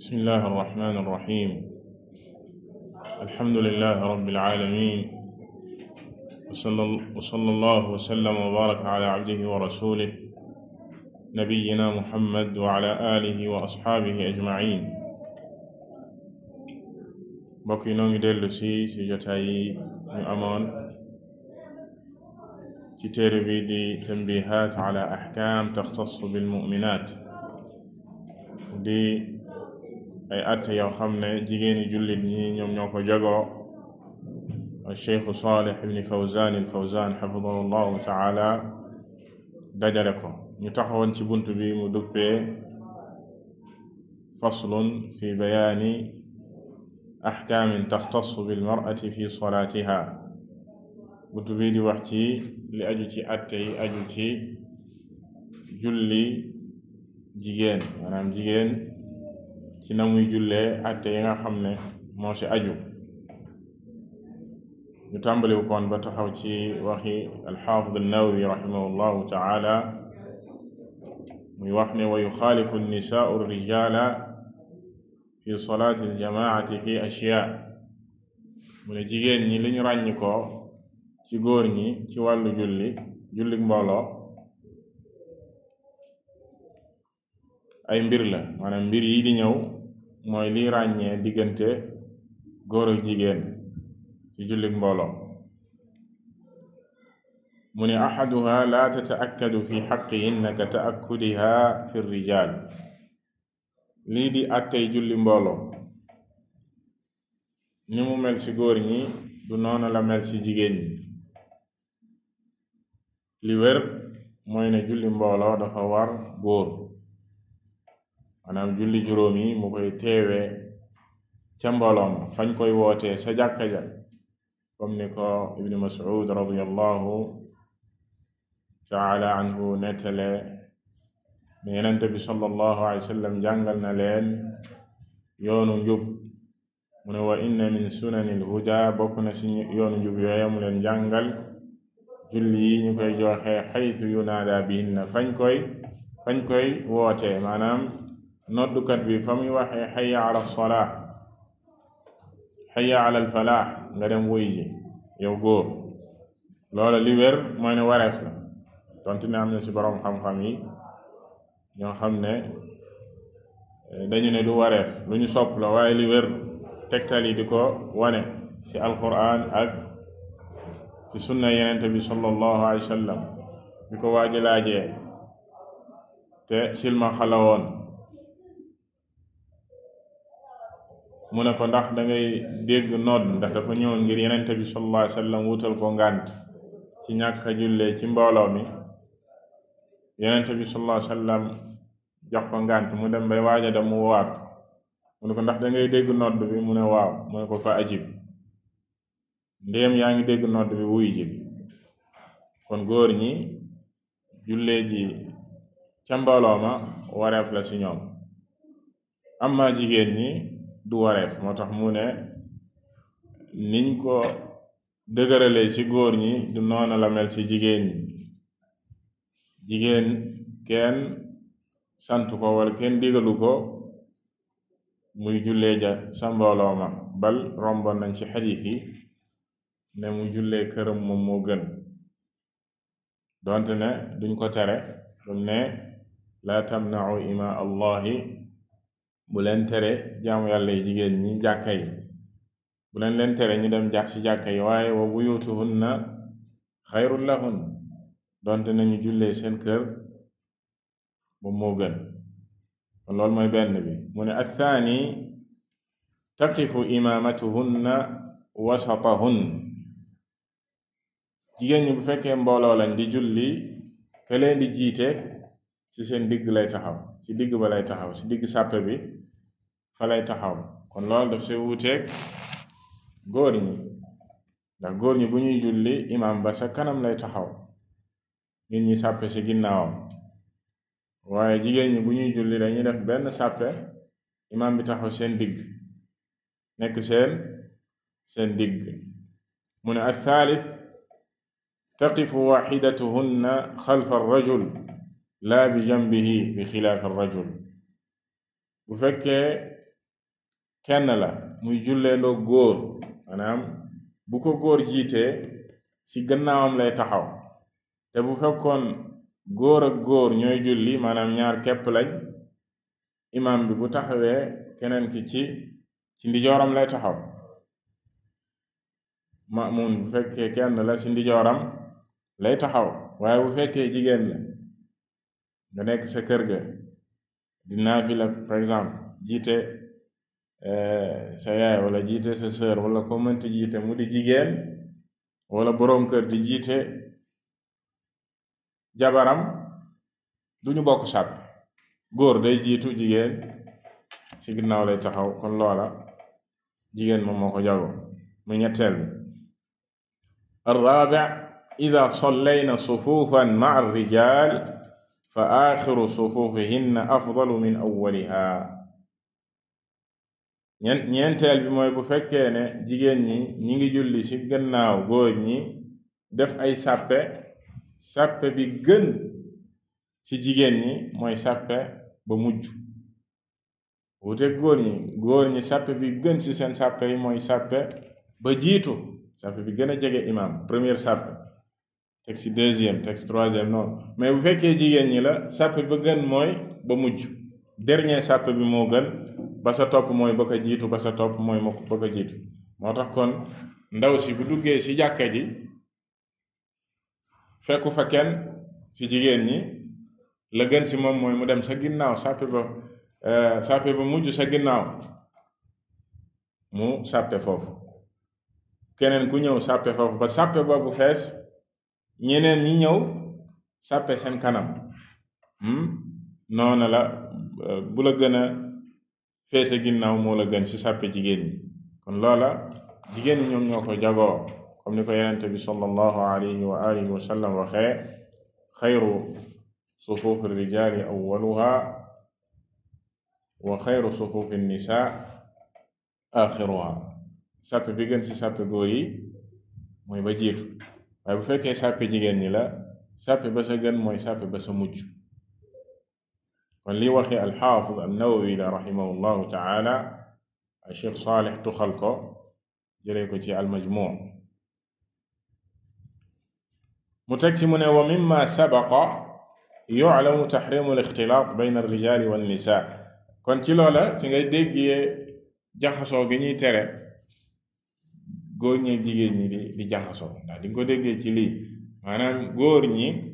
bismillahi arrahmani irrahim alhamdulilahi rabilalamin wa salla allahu wasallama wa baaraka ala abdihi wa rasulih nabiyina muhammad wa ala alihi wa asxaabihi ajmain mbokk yi noo ngi dellu si si jotaay yi ñu amoon ci téere bi di tanbihat ala axkam taxtassu bilmuminat di ay at yoo xam ne jigéeni jullit ñi ñoom ñoo ko jagoo cheikhu salih ibni fawzan il fawzan xafidahu llahu taala dajale ko ñu taxawoon ci bunt bi mu duppee faslun fi bayaani axkaamin taxtasu bilmarati fi solaatiha bunt bi di wax ci li aju ci atte yi julli jigéen maanaam jigéen ci na muy jullee atte yi nga xam ne moo ci aju ñu tàmbaliwu koon ba taxaw ci waxi alxaafid annawawi rahimahullahu taala muy wax ne wa yuxaalifu nnisaau rijala fi solaati aljamaati fi ashyaa mu ne jigéen ñi liñ ràññ koo ci góor ñi ci wàllu julli jullik mbooloo ay mbir la maanaam mbir yi di ñëw mooy li ràññee diggante góor jigéen ci jullit mbooloo mu ne axaduha laa tataakkadu fi xaqihinna ka taakkudiha fi rijaal lii di attey julli mbooloo ni mu mel ci góor du noonu la mel ci jigéen ñi li wér mooy ne julli mbooloo dafa war góor maanaam julli juróom yi mu koy teewee ca mbooloom fañ koy wootee ca jàkka ja comme ni ko ibnu mas'ud radiyallahu taala anhu nettalee ne yenente bi sallallahu alayhi wa sallam jàngal na leen yoonu njub mu ne wa inna min sunanil huda bokk na ci yoonu njub yooya mu leen jàngal julli yi ñu koy joxe xaytu yunaada bihinna fañ koy fañ koy wootee maanaam noddukat bi fa muy waxee xaya ala solaa xaya ala alfalaax nga dem wuy ji yow góor loola li wér wareef la tonti ne am na ci boroom xam-xam yi ñoo xam ne eh, dañu ne du wareef lu ñu sopp la waaye li wér tegtal di ko wane ci alquran ak ci sunna yenente bi sallallahu alayhi wa sallam bi ko waaji laajee te silma xalawoon mu ne ko ndax da ngay dégg nodd ndax dafa ñëwoon ngir yenente bi sallallahu alayhi wutal ko ngànt ci ñàkk a ci mbooloo mi yenente bi sallallahu alayhi wasallam jox ko ngànt mu dem bay waaja da mu waat mu ne ko ndax dangay dégg nodd bi mu ne waaw mu ne ko fa ajib ndéem yaa ngi dégg nodd bi wuy ji kon góor ñi jullee ji ca mbooloo ma wareef la ci ñoom amma jigéen ñi du wareef moo tax mu ne niñ ko dëgërale ci góor ñi du noona la mel ci jigéen ñi jigéen kenn sant ko wala kenn digalu ko muy jullee ja sa mbooloo ma bal romboon nañ ci xadiis yi ne mu jullee këram moom moo gën donte ne duñ ko tare dum ne laa ima allahi bu leen tere jaamu yàlla yi jigéen ñi jàkka yi bu leen leen tere ñu dem jàkk ci jàkka yi waaye wa buyutuhunna xayrul lahun donte nañu jullee seen kër moom moo gën kon loolu mooy benn bi mu ne athaani taqifu imaamatuhunna wasatahun jigéen ñi bu fekkee mbooloo lañ di julli ke leen di jiite ci seen digg lay taxaw ci digg ba lay taxaw ci digg sàppe bi fa lay taxaw kon loolu daf see wuuteeg góor ñi ndax góor ñi bu ñuy julli imam ba sa kanam lay taxaw nit ñi sàppe si ginnaawam waaye jigéen ñi bu ñuy julli dañuy def benn sàppe imaam bi taxaw seen digg nekk seen seen digg mu ne althalith taqifu waxidatuhunna xalfa arrajul laa bi janbihi bi xilaafi arrajul bu fekkee kenn la muy julleendoo góor maanaam bu ko góor jiitee ci gannaawam lay taxaw te bu fekkoon góor ak góor ñooy julli maanaam ñaar kepp lañ imam bi bu taxawee keneen ki ci ci lay taxaw maamun bu fekkee kenn la ci ndijooram lay taxaw waaye bu fekkee jigéen la nga nekk sa kër ga di naafila par exemple jiite Eh, sa yaay wala jiite sa sœur wala ko jiite mu di jigéen wala boroom kër di jiite jabaram duñu bokk sàpp góor day jiitu jigéen ci ginnaaw lay taxaw kon loola jigéen moom moo ko mu ñetteel bi ida sallayna sufufan maa arrijal fa axiru sufufihinna afdalu min awwaliha ñeent ñeenteel bi mooy bu fekkee ne jigéen ñi ñi ngi julli ci gannaaw góor ñi def ay sàppe sàppe bi gën ci jigéen ñi mooy sàppe ba mujj wute góor ñi góor ñi sàppe bi gën ci seen sàppe yi mooy sàppe ba jiitu sàppe bi gën a jege imam première sàppe teg ci deuxième teg ci troisième noonu mais bu fekkee jigéen ñi la sàppe ba gën mooy ba mujj dernier sàpp bi moo gën ba sa topp mooy ba ko jiitu ba sa topp mooy ma ba ko jiitu moo tax kon ndaw si bu duggee ci jàkka ji fekku fa kenn ci jigéen ñi la gën ci moom mooy mu dem sa ginnaaw sàppe ba sàppe euh, ba mujj sa ginnaaw mu sàppe foofu keneen ku ñëw sàppe foofu ba sàppe boobu fees ñeneen ñi ñëw sàppe seen kanam hmm? noona la Euh, bula la gën a ginnaaw moo la gën ci sàppe jigéen kon loola jigéen ñi ñoom ñoo ko jagoo comme ni ko yenente bi sallallahu alayhi wa alihi wa sallam waxee xayru sufuufi rijaali awwaluha wa xayru sufuufi nisa axiruha bi gën ci sàppe góor mooy ba jiitu waaye bu fekke sàppe jigéen ñi la sàppe ba sa gën mooy sàppe ba sa mujj kon li waxi alxaafid annawawi la raximahu llahu taala cheikh saalix tuxal ko jëlee ko ci almajmuu mu teg ci mu ne wa mimma sabaqa yuclamu taxrimu alixtilaat bayn alrijali walnisa kon ci loola ci ngay déggee jaxasoo gi ñuy tere góor ñi jigéen ñi di di jaxasoo ko déggee ci lii maanaam góor ñi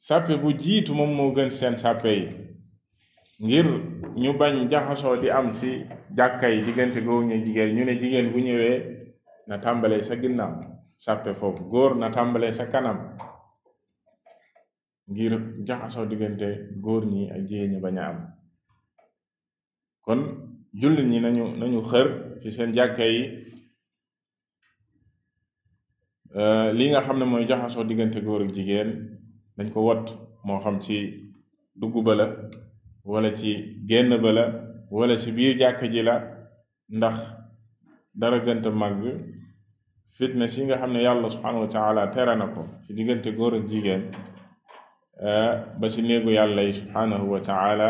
sàppe bu jiitu moom moo gën seen sàppe yi ngir ñu bañ jaxasoo di am si jàkka yi diggante góor ñu jigéen ñu ne jigéen bu ñëwee na tàmbalee sa ginnaaw sàppe foofu góor na tàmbalee sa kanam ngir jaxasoo diggante góor ñi ak jigéen ñi bañ am kon jullit ñi nañu nañu xër ci seen jàkka yi euh, li nga xam ne mooy jaxasoo diggante góor ak jigéen dañ ko wat moo xam ci dugg bala la wala ci génn ba la wala ci biir jàkk ji la ndax dara gënt a màgg fitna si nga xam ne yàlla subhanahu wa taala na ko ci diggante góor ak jigéen eh, ba ci néegu yàlla yi subhanahu wa taala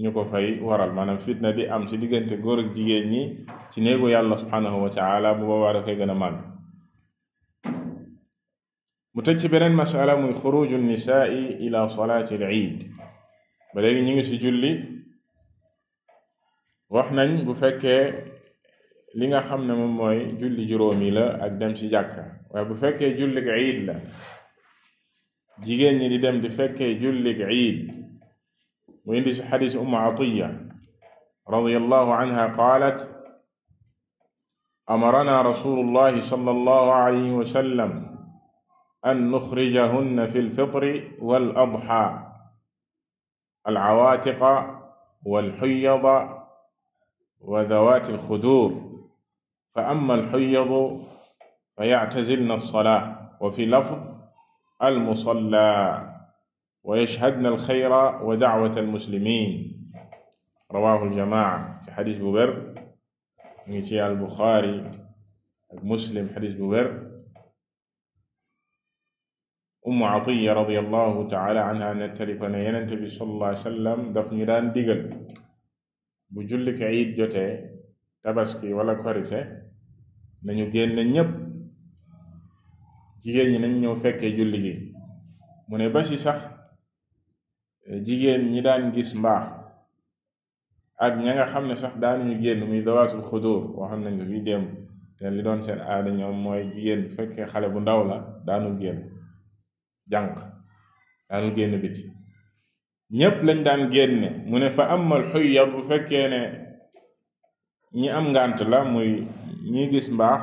ñu ko fay waral maanaam fitna di am ci diggante góor ak jigéen ñi ci néegu yàlla subhanahu wa taala bu boobaa dafay gën a màgg mu tëj ci beneen masala muy xuruju nisaai ila salaati al iid ba léegi ñu ngi ci julli wax nañ bu fekkee li nga xam ne moom mooy julli juróomi la ak dem ci jàkka waaye bu fekkee jullig iid la jigéen ñi di dem di fekkee jullig iid mu indi ci xadiis umu atiya radiyallahu anha qaalat amarana rasulullahi sallallahu alayhi wa sallam an nuxrijahunna fi lfitri wal adxa alcawaatiqa walxuyada wa dawaati alxuduur fa amma alxuyadu fa yactazilna alsolaa wa fi lafd almusallaa wa yashhadna alxayra wa dacwata almuslimin rawaahu aljamaaca ci xadis bu wér mu ngi ci albuxaari ak muslim xadis bu wér ummu atiya radiyallahu taala anha nettali ko ne yenente bi sallallahu alayhi wasallam daf ñu daan digal bu jullik iid jotee tabaski wala korite nañu génn ñépp jigéen ñi nañ ñëw fekkee julli gi mu ne ba sax jigéen ñi daan gis mbaax ak ña nga xam ne sax daan ñu génn muy dawaatul xudur waxoon nañ ko fi démb te li doon seen aada ñoom mooy jigéen bu fekkee xale bu ndaw la daanu génn jànq daan génn biti ñépp lañ daan génne mu ne fa amal xuyya bu fekkee ne ñi am ngànt la muy ñi gis mbaax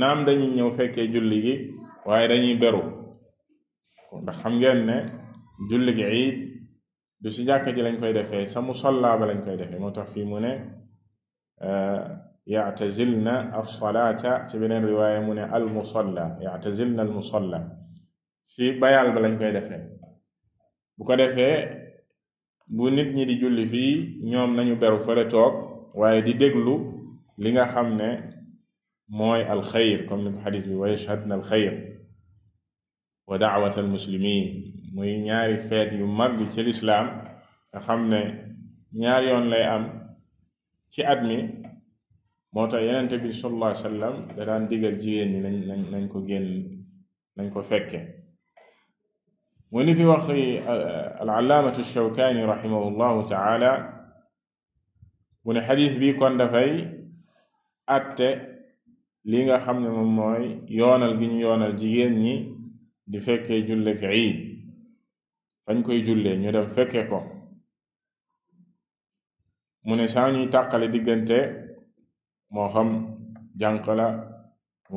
naam dañuy ñëw fekkee julli gi waaye dañuy beru ndax xam ngeen ne julli gi iid du si jàkka ji lañ koy defee sa musalla ba lañ koy defee moo tax fii mu ne yactazilna alsalaata ci beneen riwaaya mu ne almusalla yactazilna almusalla si bayal ba lañ koy defee bu ko defee bu nit ñi di julli fii ñoom nañu beru fële toog waaye di déglu li nga xam ne mooy alxayr comme ni ko xadis bi wa yashhadna alxayr wa daawat almuslimin muy ñaari feet yu mag ci lislaam nga xam ne ñaari yoon lay am ci at mi moo tax yenente bi sallallahu alayhi da daan digal jigéen ñi nañ nañ nañ ko génn nañ ko fekke mu li fi wax eh, al-allaamatu Shawkaani rahimahullahu taala mu ne xadis bi kon dafay atte li nga xam ne moom mooy yoonal gi ñu yoonal jigéen ñi di fekkee jullek iid fañ koy jullee ñu dem fekke ko mu ne saa taqale tàqale diggante moo xam jànq la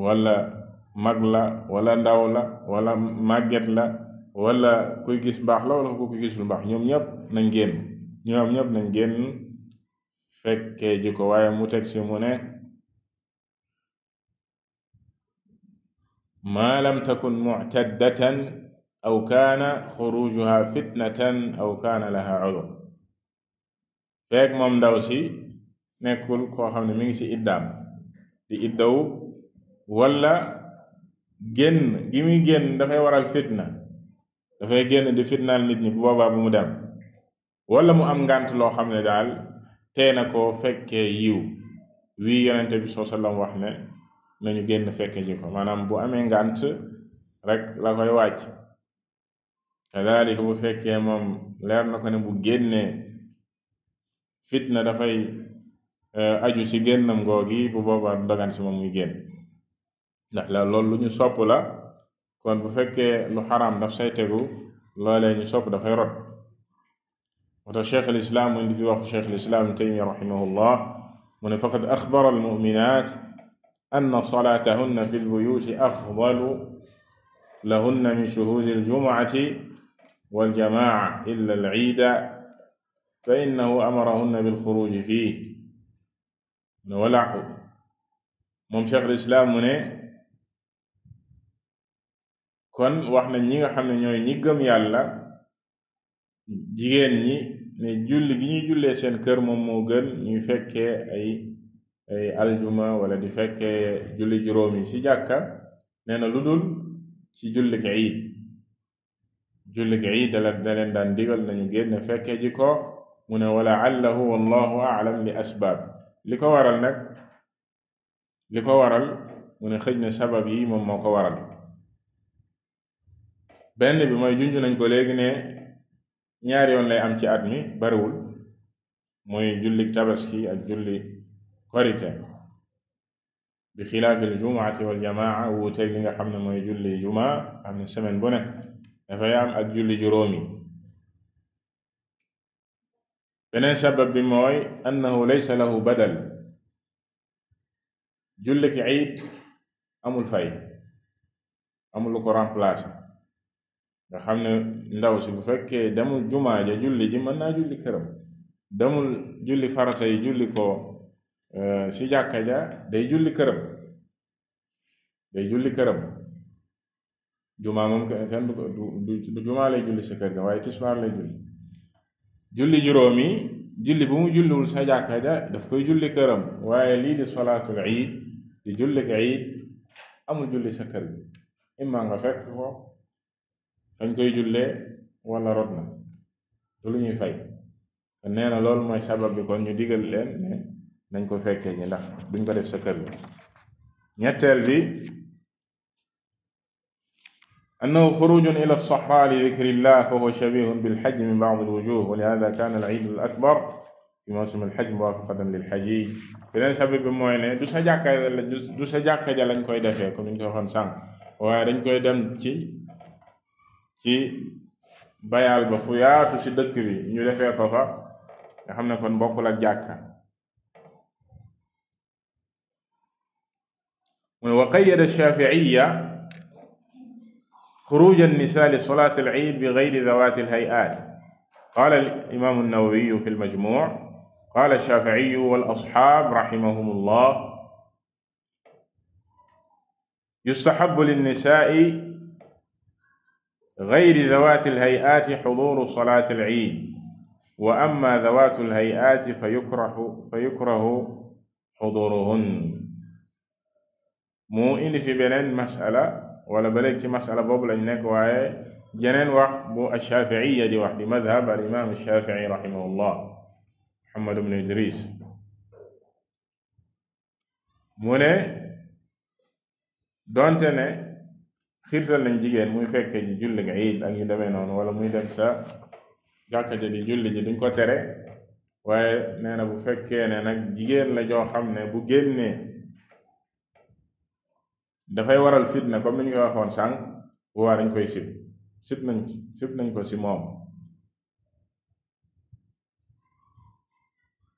wala mag wala ndaw la wala màgget la wala kuy gis mbaax la wala ku gis lu mbaax ñoom ñëpp nañ génn ñoom ñëpp nañ génn fekkee ji ko waaye mu teg si mu ne maa lam takun mu'taddatan aw kaana xurujuha fitnatan aw kaana laha udur feeg moom ndaw si nekkul koo xam ne mi ngi si iddaam di iddaw wala génn gi muy génn dafay waral fitna dafay génn di fitnaal nit ñi bu boobaa bu mu dem wala mu am ngànt loo xam ne daal tee na koo fekkee yiw wii yonente bi soo lam wax ne nañu génn fekke ji ko maanaam bu amee ngant rek la koy wàcc kadalika bu fekkee moom leer na ko ne bu génnee fitna dafay eh, aju ci génnam googi bu boobaa du dagan moom muy génn ndax la loolu lu ñu sopp la kon bu fekkee lu xaraam daf say tegu loolee ñu sopp dafay rot wata cheikh alislaam mu indi fi waxu cheikh alislaam taymiya rahimahullah mu ne faqad axbara almuminat anna salaatahunna fi lbuyuti afdalu lahunna min shuhuudi aljumuati waljamaa illa alciida fa innahu amarahunna bilxuruuji fiih mu ne wala moom cheikh alislaam mu ne kon wax na ñi nga xam ne ñooy ñi gëm yàlla jigéen ñi ne julli gi ñuy jullee seen kër moom moo gën ñuy fekkee ay ay aljuma wala di fekkee julli juróom yi ci jàkka nee lu dul ci julli ki iid julli ki iid dala da leen daan digal nañu génn fekkee ji ko mu ne wala allahu wallahu aalam li asbaab li ko waral nag li ko waral mu ne xëj na sabab yi moom moo ko waral benn bi mooy junj nañ ko léegi ne ñaari yoon am ci at mi bariwul mooy julli tabaski ak julli korite bi xilaafil jumaati wal jamaa wuuteeg li nga xam ne mooy julli jumaa am ne semaine bu ne dafay ak julli juróomi beneen sabab bi mooy annahu laysa lahu badal julli ki iid amul fay amul lu nga xam ne ndaw si bu fekkee demul jumaa ja julli ji mën naa julli këram demul julli farata yi julli ko euh, si jàkka ja day julli këram day julli këram jumaa moom kenn du jumaa lay julli sa kër ga waaye tisbaar lay julli julli juróomi julli bu mu julliwul sa jàkka ja daf koy julli këram waaye lii di solaatul iid di jullik iid amul julli sa kër gi imma nga fekk ko dañ koy jullee wala rot du lu ñuy fay nee na loolu mooy sabab bi kon ñu digal leen ne nañ ko fekkee la ndax duñ ko def sa kër ñetteel bi annahu xurujun ila alsaxra li dikrillah fa huwa shabihun bilxaj min ñu alwujuh wa lihada kana alciid al akbar fi mawsim bi mooy sa jàkka sa jàkka ja lañ koy defee comme ñu ko waxoon sànq koy dem ci ci bayaal ba fu yaatu si dëkk bi ñu defee ko fa nga xam ne kon bokkul ak jàkka mu ne wa qayyada shafiiya xuruj annisa li solat alciid bi gayri dawati alhayaat qala alimamu annawawiyu fi almajmuc qala alshafiiyu walasxaab raximahum allah yustaxabu linnisai gayri dawaati alhayaati xuduru salaati alciid wa amma dawaatu alhayaati fa yukrahu fa yukrahu xuduruhun mu indi fi beneen masala wala ba léegi ci masala boobu lañ nekk waaye jeneen wax bu ashaaficiya di wax di madhab al imam ashaafici rahimahullah muhammad ibn idris mu ne doonte ne xiirtal nañ jigéen muy fekkee ji julli ga iid ak yu demee noonu wala muy dem sa jàkka ja di julli ji duñ ko tere waaye nee na bu fekkee ne nag jigéen la joo xam ne bu génnee dafay waral fitna comme ni ñu waxoon sànq waa dañ koy sib sib nañ sib nañ ko si moom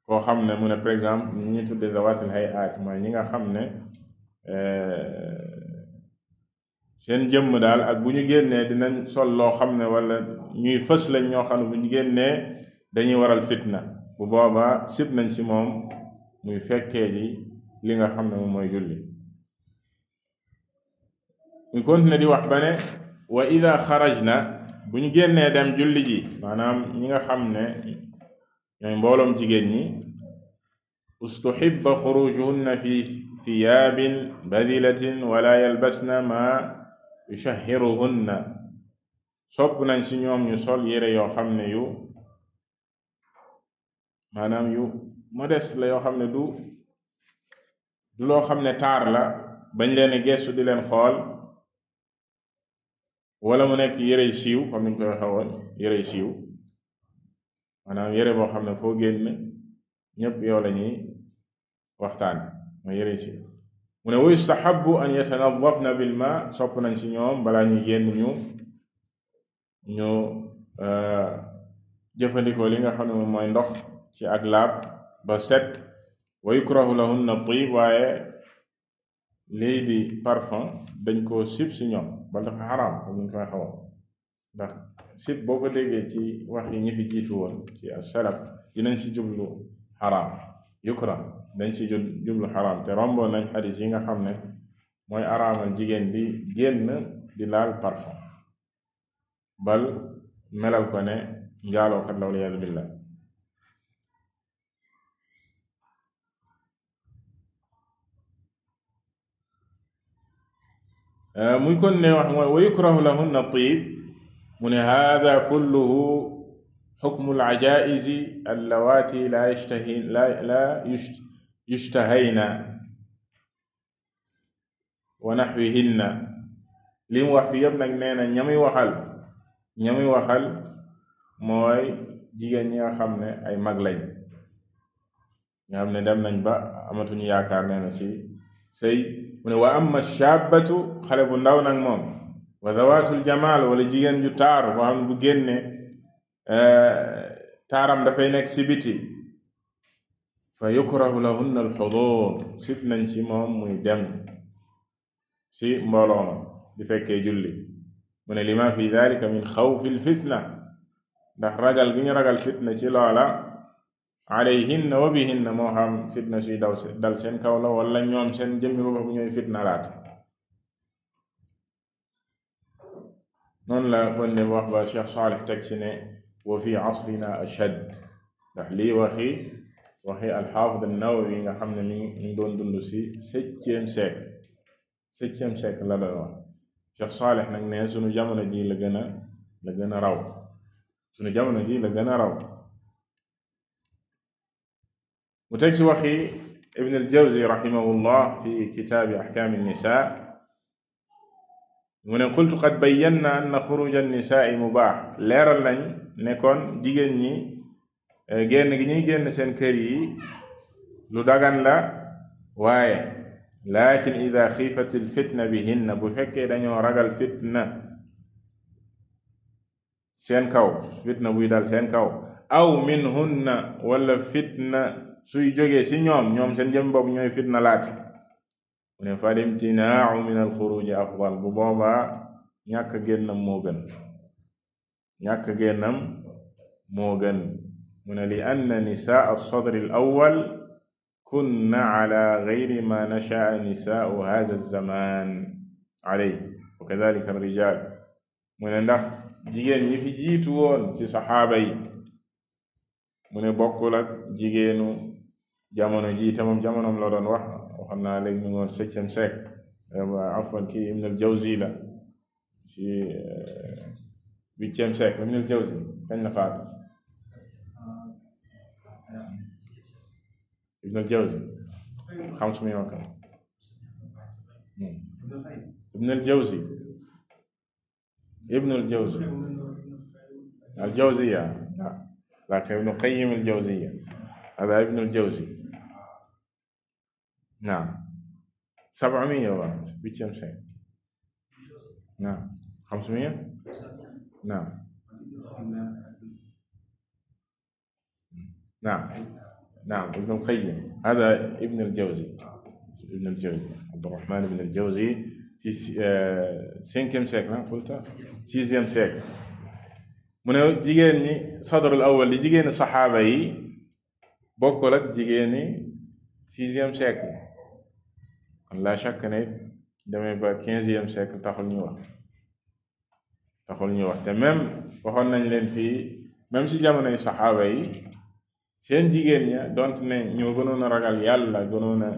koo xam ne mu ne par exemple ñu ñuy tuddee zawatil hay aat mooy ñi nga xam ne eh, seen jëmm daal ak bu ñu génnee dinañ sol loo xam ne wala ñuy fës lañ ñoo xam ne bu ñu génnee dañuy waral fitna bu boobaa sib nañ si moom muy fekkee ji li nga xam ne moom mooy julli ñu continue di wax ba ne wa ida xaraj na bu ñu génnee dem julli ji maanaam ñi nga xam ne mbooloom jigéen ñi ustuhibba xurujuhunna fi thiyaabin badilatin wala yalbasna ma yushahiruhunna sopp nañ ci ñoom ñu sol yére yoo xam ne yu maanaam yu modeste la yoo xam ne du du loo xam ne taar la bañ leen gestu di leen xool wala mu nekk yérey siiw comme niñ koy waxewoon yérey siiw maanaam yére boo xam ne foo génn ñépp yow la ñuy waxtaan mooy yérey siiw mu ne wa yustahabu an yatanadafna bil ma sopp nañ si ñoom balaa ñu génn ñu ñu euh, jëfandikoo li nga xam ne moom mooy ndox ci ak laab ba set wa yukrahu lahunna tib waaye lii di parfum dañ koo sib si ñoom ba dafa xaraam comme ñu koy xawoon ndax sib boo ko déggee ci wax yi ñi fi jiitu woon ci as salaf dinañ si jublu xaraam yukra dañ ci jublu xaraam te nañ xadis xam ne mooy araamal jigéen bi génn di laal parfum bal melal ko ne njaalookat la waliyaadu billah euh, muy kon ne wax mooy mu ne hada kulluhu xukmu al ajaaizi allawaati la yashtahin ishtahayna wa naxwihinna na mu wax fi yëpp nag nee na ñamuy waxal ñamuy waxal mooy jigéen ñi xam ne ay mag lañ nga xam ne dem nañ ba amatuñu yaakaar nee na ci sëy mu ne shaabatu xale bu ndaw nag moom wa zawaatul jamaal wala jigéen ju taar boo bu génne eh, taaram dafay nekk ci biti fa yukrahu lahunna alxudur sib nañ si moom muy dem si mbooloo ma di fekkee julli mu ne lima fi dalika min xawfi lfitna ndax ragal gi ñu ragal fitna ci loola alayhinna wa bihinna moo xam fitna si daw dal seen kaw la wala ñoom seen jëmmi bopp bu ñooy fitna laat noonu la kon ne wax ba Cheikh Saalix teg wa fi asrina ashad ndax lii waxi waxi alxaafid an-Nawawi nga xam ne mi ngi doon dund si septième siècle septième siècle la doon wax Cheikh Saleh nag ne jamono ji la gën a la gën a raw sunu jamono ji la gën a raw mu teg si waxi Ibn al-Jawzi rahimahullah fi kitaabi ahkaami an-nisaa mu ne qultu qad bayyanna anna xuruj an-nisaa mubaax leeral nañ ne kon jigéen ñi Eh, génn gi ñuy génn seen kër yi lu dagan la waaye lakin ida xiifat il fitna bihinna bu fekkee dañoo ragal fitna seen kaw fitna buy dal seen kaw aw minhunna wala fitna suy jógee ci ñoom ñoom seen jëm bopp ñooy fitna laati mu ne fal min al xuruji bu boobaa ñàkk génnam moo gën ñàkk génnam moo gën mu ne li anna nisaa sadri al awal kunna ala gayri ma nashaa nisaau hada zaman aley wa kadalika alrijal mu ne ndax jigéen ñi fi jiitu woon ci saxaaba yi mu ne bokkul ak jigéenu jamono ji te moom jamonoom la doon wax waxam naa léegi ñu ngoon septième siècle afwan kii ibn al jawzi la ci euh, huitième siècle ibn al jawzi kañ la faatu ibnul jawzi xamsumi wakka ibnul jawzi ibnul jawzi al jawziya لكن ابن قيم الجوزية هذا ابن الجوزي نعم سبعمية واحد بكم شيء نعم خمسمية نعم نعم نعم ابن القيم هذا ابن الجوزي ابن الجوزي عبد الرحمن بن الجوزي ci cinquième siècle ah qulta sixième siècle mu ne jigéen ñi sadrul awal li jigéeni saxaaba yi bokkul ak jigéeni sixième siècle kon la chaque ne demee ba quinzième siècle taxul ñu wax taxul ñu wax te même waxoon nañ leen fii même si jamonoy saxaaba yi seen jigéen ña donte ne ñoo gënoon ragal yàlla gënoon a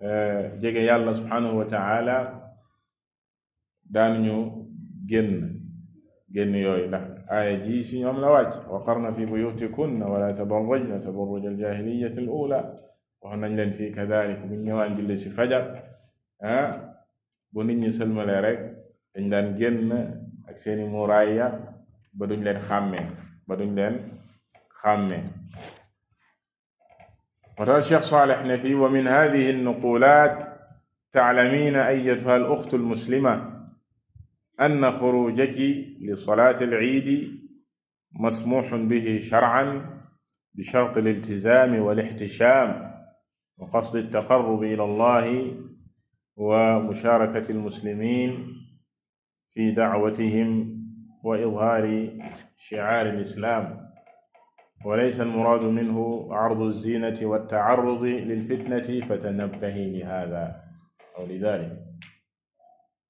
eh, jege yàlla subhanahu wa taala daanuñu génn génn yooyu ndax ji si ñoom la wàcc wa qarna fi buyutikunna wala tabarrajna tabarruj aljahiliyati al ula nañ leen fii kadalik buñ ñëwaan julli si fajar ah bu nit ñi sëlmale rek dañ daan génn ak seeni muraaya ba duñ leen xàmmee ba duñ leen وقال الشيخ صالح نفي ومن هذه النقولات تعلمين أيتها الأخت المسلمة أن خروجك لصلاة العيد مسموح به شرعا بشرط الالتزام والاحتشام وقصد التقرب إلى الله ومشاركة المسلمين في دعوتهم وإظهار شعار الإسلام wa laysa almuraadu minhu ardu zinati wa taarrudi lilfitnati fatanabbahi li haada aw li dalik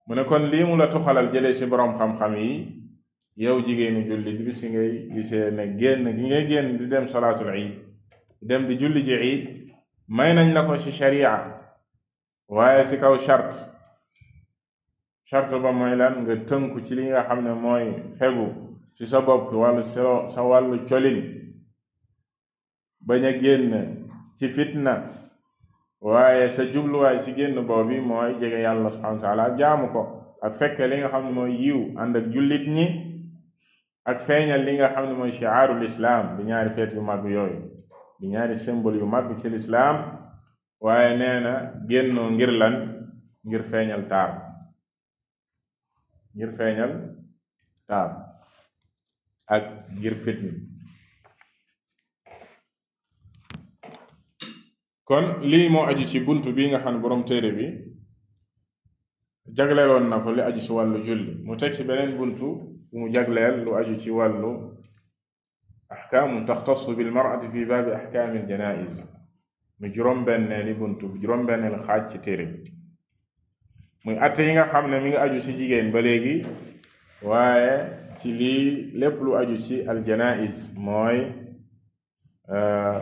mu ne kon lii mu la tuxalal jëlee ci boroom xam-xam yi yow jigéenu jullit bi si ngay gisee ne génn gi ngay génn di dem salaatul iid dem di julli ji iid may nañ la ko ci sharia waaye si kaw chart chart ba mooy lan nga tënku ci li nga xam ne mooy fegu ci sa bopp wàllu sa wàllu colin bañ a génn ci fitna waaye sa jubluwaay ci génn boobu mooy jege yàlla subhanahu wa taala ak jaamu ko ak fekk li nga xam ne mooy yiw ànd ak jullit ñi ak feeñal li nga xam ne mooy shi'aarul islaam di ñaari feet yu mag yooyu di ñaari symbole yu mag ci lislaam waaye nee na ngir lan ngir feeñal taar ngir feeñal taar ak ngir fitna kon lii moo aju ci buntu bi nga xam ne boroom téere bi jagleeloon na ko li aju ci wàllu julli mu teg ci beneen buntu bu mu jagleel lu aju ci wallu axkaamun taxtasu bil marati fi baabi axkaamil xaaj ci téere bi muy atte yi nga xam ne mi ngi aju ci jigéen ba léegi waaye ci lii lépp lu aju ci aljanaiz mooy euh,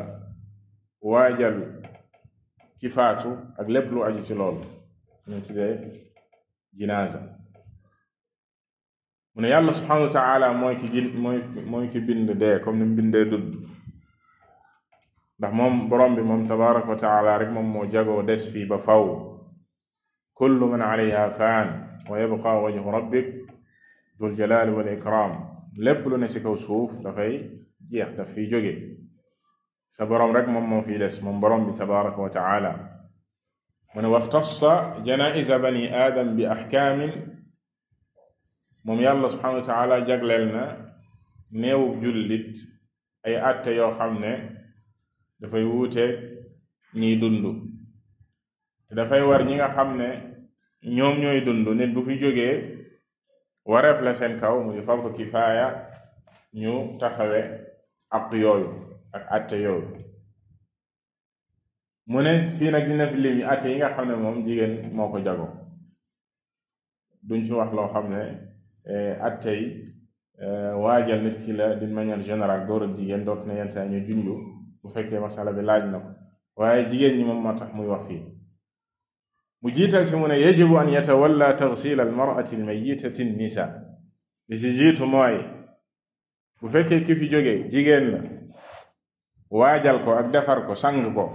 waajal ki faatu ak lépp lu aju ci loolu ñu jinaaza mu ne yàlla subhanahu wa taala mooy ki jin mooy mooy ki bind dee comme ni bindee dudd moom borom bi moom tabaraka wa taala moom moo jagoo des fii ba faw kullu man alayha faan wa yabqa wajhu rabbik dul jalaali wal ikram lépp lu ne ci kaw suuf dafay jeex daf fiy jóge sa boroom rek moom moom fi des moom boroom bi tabaraka wa taala mu ne waxtassa janaisa bani aadam bi axkaamin moom yàlla subhanahu wa taala jagleel na néewub jullit ay àtte yoo xam ne dafay wuute ñiy dund te dafay war ñi nga xam ne ñoom ñooy dund nit bu fi jógee wareef la seen kaw mu di kifaaya ñu taxawe àq ak atte yooyu mu ne fii nag dina fi lim yi nga xam ne moom jigéen moo ko jago duñ ci wax loo xam ne eh, atte yi eh, waajal nit ki la d'une manière générale góor jigéen doot na yenn ñu junju bu fekkee masala bi laaj na ko waaye jigéen ñi moom moo tax muy wax fii mu jiital si mu ne yajibu an yatawalla taxsil al marati al mayitati nisa li si jiitu mooy bu fekkee ki fi jógee jigéen la waajal ko ak defar ko sang ko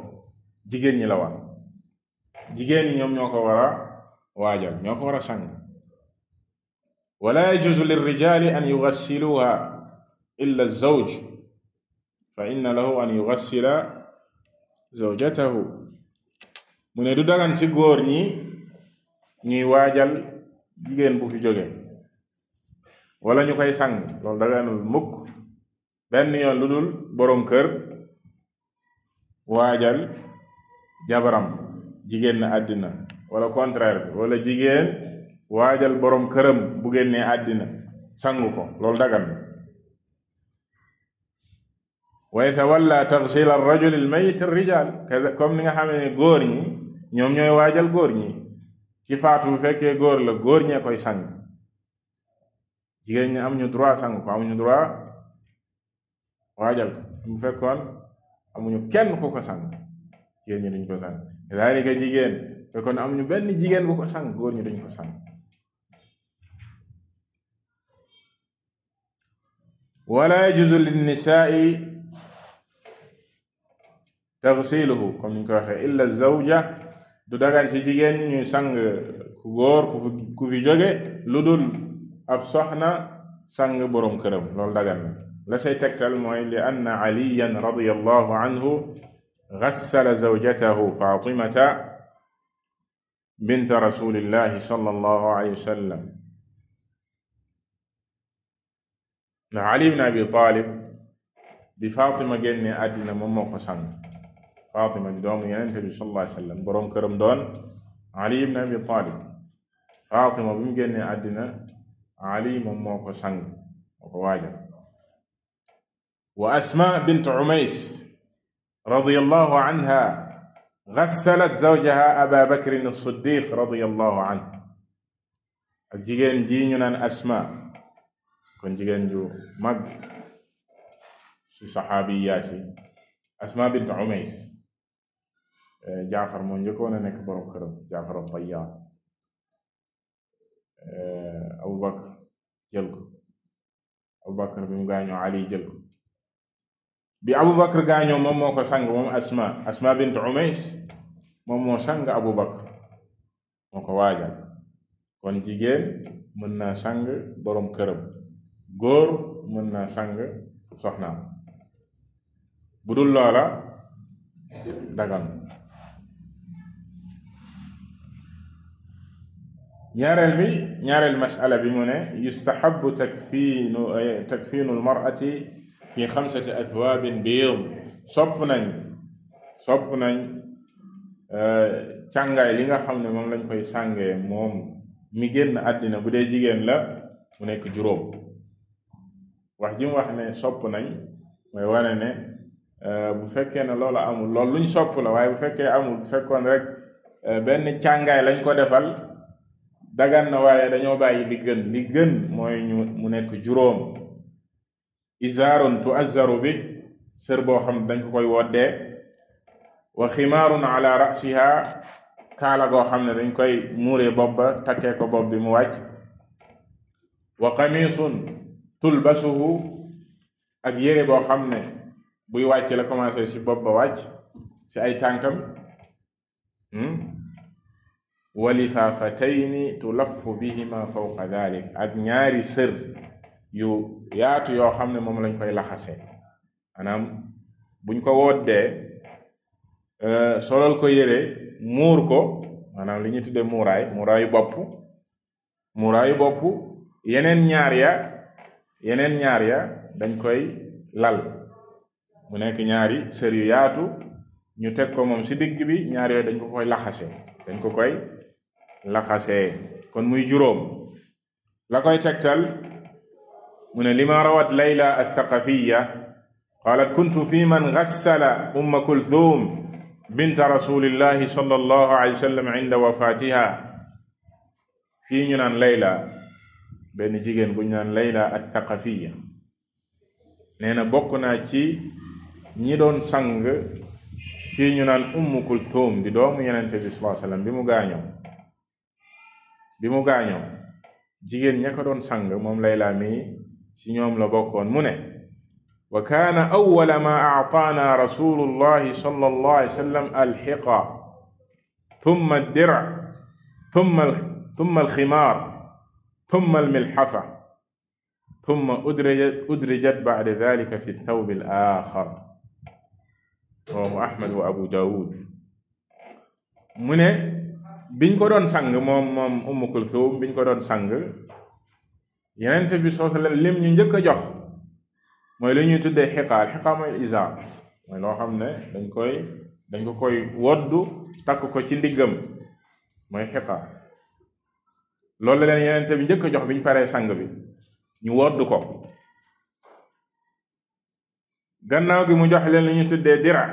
jigéen ñi la war jigéen ñi ñoom ñoo ko war a waajal ñoo ko war a sang wala yajuzu lirrijali an yugassiluha illa zawj fa inna lahu an yugassila zawjatahu mu ne du dagan ci góor ñi ñuy waajal jigéen bu fi jóge wala ñu koy sang loolu daganul mukk benn yoon lu dul boroom kër waajal jabaram jigéen na àddina wala contraire bi wala jigéen waajal borom këram bu génnee àddina sangu ko loolu dagan wa yatawalla taxsil ar-rajul al-mayit ar-rijal comme ni nga xamee ne góor ñi ñoom ñooy waajal góor ñi ki faatu bu fekkee góor la góor ñee koy sang jigéen ñi amuñu droit sang ko amuñu droit waajal ko bu amuñu kenn ku ko sang jigéen ñi duñ ko sang dalika jigéen te kon amuñu benn jigéen bu ko sang góor ñi duñ ko sang wala yajuzu linnisaai taxsiluhu comme niñ ko waxee illa zawja du daga si jigéen ñi ñuy sang ku góor ku fi ku fi lu dul ab soxna sang borom këram loolu dagan la say tegtal mooy li anna aliyan radiyallahu anhu gassala zawjatahu fatimata bint rasulillahi sallallahu alayhi wa sallam ndax ali ibn abi talib bi fatima génne àddina moom moo ko sang fatima di doomu yenente bi sallallahu alayhi wa sallam boroom këram doon ali ibn abi talib fatima bi mu génne àddina ali moom moo ko sang moo ko waajal wa asma bint umays radiyallahu anha gassalat zawjaha aba bakrin as-siddiq radiyallahu anhu ak jigéen ji ñu naan asma kon jigéen ju mag si saxaabiyaat yi asma bint umays eh, jaafar moo njëkkoon a nekk borom këram jaafar at-tayyaar eh, abubakar jël ko abubakar bi mu gaañoo ali jël ko bi Aboubacar gaañoo moom moo ko sang moom Asma Asma bint Umays moom moo sang Aboubacar moo ko waajal kon jigéen mën naa sang borom këram góor mën naa sang soxnaam budul dul loola dagan ñaareel bi ñaareel masala bi mu ne yustahabu takfiinu takfiinu almarati fi xamsati athwaabin biid sopp nañ sopp nañ euh, càngaay li nga xam ne moom lañ koy sàngee moom mi génn àddina bu dee jigéen la mu nekk juróom wax ji wax ne sopp nañ mooy wane ne euh, bu fekkee ne loolu amul loolu luñ sopp la waaye bu fekkee amul bu fekkoon rek euh, benn càngaay lañ ko defal dagan na waaye dañoo bàyyi li gën li gën mooy ñu mu nekk juróom izarun tuazzaru bi sër boo xam dañ ko koy woddee wa ximaarun ala rasiha kaala goo xam ne dañ koy muure bopp ba takkee ko bopp bi mu wàcc wa qamisun tulbasuhu ak yére boo xam ne buy wàcc la commencé si bopp ba wàcc si ay tànkam hmm? wa lifaafatayni tulaffu bihima fawqa dalik ak ñaari sër yu yaatu yoo xam ne moom lañ koy laxase maanaam buñ ko woddee euh, solal ko yére muur ko maanaam li ñu tuddee muuraay muuraayu bopp muuraayu bopp yeneen ñaar ya yeneen ñaar ya dañ koy lal mu nekk ñaari sër yu yaatu ñu teg ko moom si digg bi ñaar yooyu dañ ko koy laxase dañ ko koy laxasee kon muy juróom la koy tegtal mu ne lima rawat layla althaqafiya qaalat kuntu fi man gassala umma kulthum binta rasulillahi sallallahu alayhi wa sallam inda wafatiha fii ñu naan layla benn jigéen bu ñu naan layla althaqafiya nee na bokk naa ci ñi doon sang fii ñu naan ummu kulthum di doomu yenente bi sallallahu alayhi wa sallam bi mu gaañoo bi mu gaañoo jigéen ña ko doon sang moom layla mi ci ñoom la bokkoon mu ne wa kaana awwala ma aataana rasulullahi sallallahu alayhi wa sallam alxiqa tumma addira tumma tumma alximaar tumma almilxafa tumma udrijat udrijat bacda dalika fi thawb al axar rawahu ahmad wa abu daawud mu ne biñ ko doon sang moom moom ummu kulthum biñ ko doon sang yonent bi soo sallam lim ñu njëkk a jox mooy li ñuy tuddee xiqaal xiqaal mooy isaar mooy loo xam ne dañ koy dañ ko koy woddu takk ko ci ndiggam mooy xiqaal loolu la leen yonent bi njëkk a jox bi ñu paree sang bi ñu wodd ko gannaaw gi mu jox leen li ñuy tuddee dira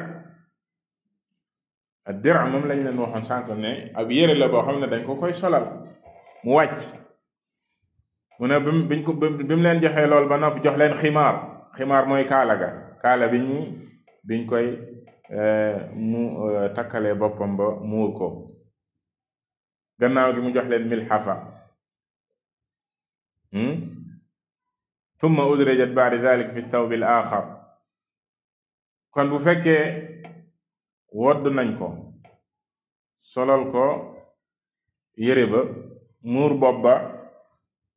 ak dira moom lañ leen waxoon sànq ne ab yére la boo xam ne dañ ko koy solal mu wàcc bu ne bi biñ ko bi mu leen joxee loolu ba noppi jox leen ximaar ximaar mooy kaala ga kaala bi ñi biñ koy eh, mu eh, boppam ba muur ko gannaaw gi mu jox leen milxafa hmm? tumma udrijat baada dalik fi thawb al axar kon bu fekkee wodd nañ ko solal ko yére ba muur bopp ba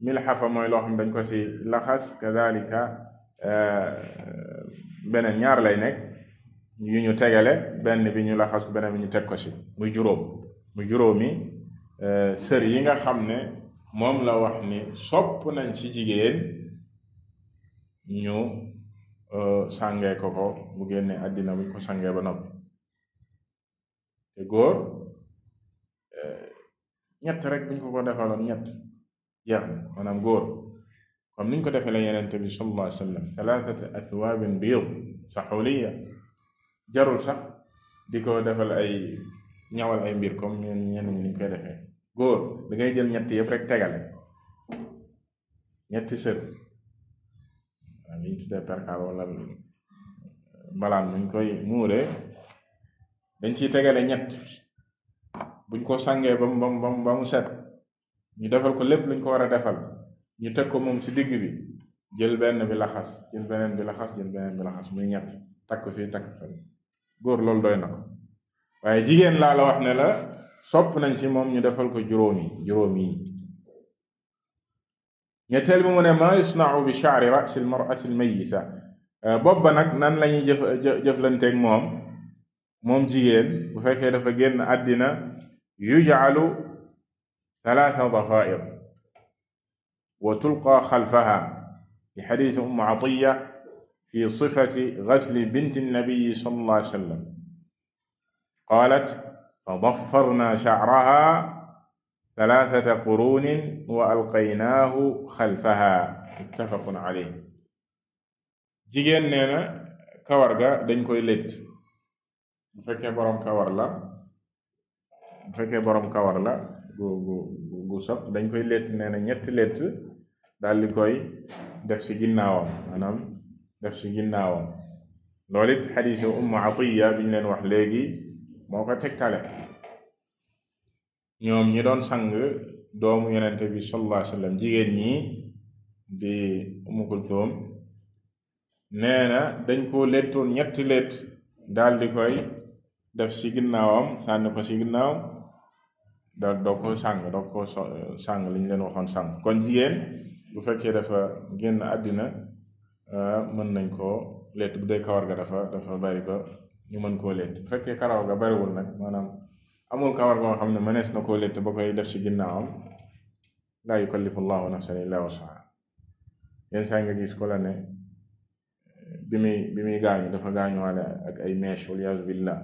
milxafa mooy loo xam dañ ko ci laxas kadalika euh, beneen ñaar lay nekk yu ñu tegale benn bi ñu laxas ko beneen bi ñu teg ko ci muy juróom muy juróomi euh, sër yi nga xam ne moom la wax ni sopp nañ ci jigéen ñu euh, sàngee ko ko bu génne àddina buñ ko sàngee ba noppi te góor ñett rek buñ ko ko defaloon ñett yar maanaam góor comme niñ ko defee la yenente bi a alayhi wa bi thalathata athwaabin biid jarul sax di ko defal ay ñawal ay mbir kom ñeen ñenn ñi niñ koy defee góor da ngay jël ñett yëpp rek tegale ñetti sër waaw li ñu tuddee perkaal wala mbalaan nuñ koy muuree dañ ciy tegale ñett buñ ko sangee ba ba mu set ñu defal ko lépp luñ ko war a defal ñu teg ko moom ci digg bi jël benn bi laxas jël beneen bi laxas jël beneen bi laxas muy ñett takk fii takk fële góor loolu doy na ko waaye jigéen laa la wax ne la sopp nañ ci moom ñu defal ko juróom yi juróom yi ñetteel bi mu ne ma yusnau bi shaari rasi lmarati lmayita euh, bopp ba nag nan lañuy jëf jëflanteeg moom moom jigéen bu fekkee dafa génn àddina yujalu ثلاث ضفائر وتلقى خلفها لحديث أم عطية في صفة غسل بنت النبي صلى الله عليه وسلم قالت فضفرنا شعرها ثلاثة قرون وألقيناه خلفها متفق عليه jigéen nee na kawar ga dañ koy létt bu fekkee boroom kawar la bu fekkee boroom kawar la gu gu gu soq dañ koy létt nee na ñetti létt daal koy def ci ginnaawam maanaam def ci ginnaawam loolu it xadiis ummu atiya leen wax léegi moo ko tegtale ñoom ñi doon sang doomu yonente bi sallallahu alayhi jigéen ñi di ummu kulthum nee dañ ko léttoon ñetti létt daal koy def ci ginnaawam sànni ko ci ginnaaw da doo ko sàng doo ko sàng li ñu leen waxoon sàng kon jigéen bu fekkee dafa génn àddina ah, mën nañ koo létt bu dee kawar ga dafa dafa bari ba ñu mën koo létt bu fekkee karaw ga bariwul nag maanaam amul kawar goo xam ne mënees na koo létt ba koy def ci ginnaawam laa yukallifu llahu nafsan illa wasaha yenn saa nga gis ko la ne bi muy bi muy gaañu dafa gaañuwaale ak ay mèche waliyasu billah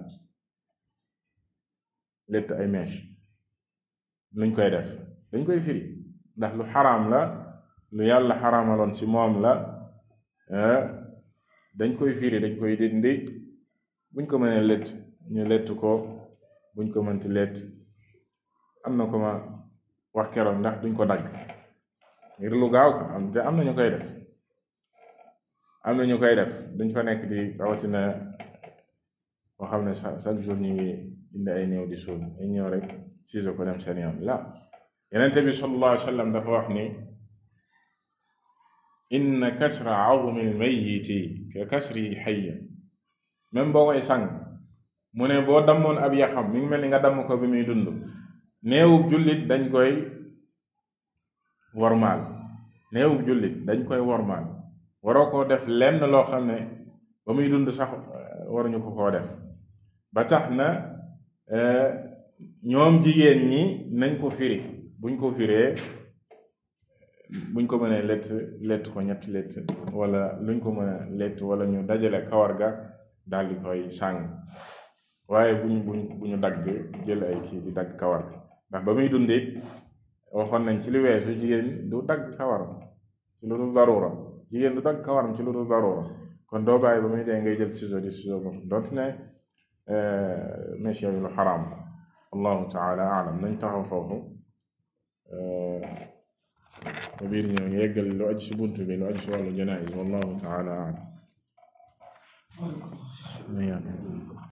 létt ay mèche nuñ koy def dañ koy firi ndax lu xaram la lu yàlla xaraamaloon ci moom la eh, dañ koy firi dañ koy dindi buñ ko mënee lett ñu lett ko buñ ko mënti lett am na koma wax keroog ndax duñ ko dagg ngir lu gaaw ko am te am na ñu koy def am na ñu koy def duñ fa nekk di rawatina boo xam ne chaque jour ñu ngi indi ay néew di suul ay ñëw rek siise ko dem seen yoon la yenente bi sallallahu alayhi wa sallam dafa wax ni inna kasra azmi lmayiti ka kasri xayya même boo koy sang mu ne boo dammoon ab yaxam mi mel ni nga damm ko bi muy dund néewub jullit dañ koy wormaal néewub jullit dañ koy wormaal waroo koo def lenn loo xam ne ba muy dund sax waruñu ko koo def ba tax na eh, ñoom jigéen ñi nañ ko firi buñ ko firee buñ ko mënee lett lett ko ñetti lett wala luñ ko mën a lett wala ñu dajale kawar ga daal koy sàng waaye buñ buñ bu dagg jël ay kii di dagg kawar bi ndax ba muy dundit waxoon nañ ci li weesu jigéen du dagg kawaram ci lu dul darura jigéen du dagg kawaram ci lu dul darura kon doo bàyyi ba muy dee ngay jël ciseau di ciseau bopp doonte ne euh, messieurs yu lu xaraam allahu taala alam nañ taxaw foofu ba biir ñëw ñu yeggal lu aju si bunt bi lu aju si wàllu janaayis wallahu taala alam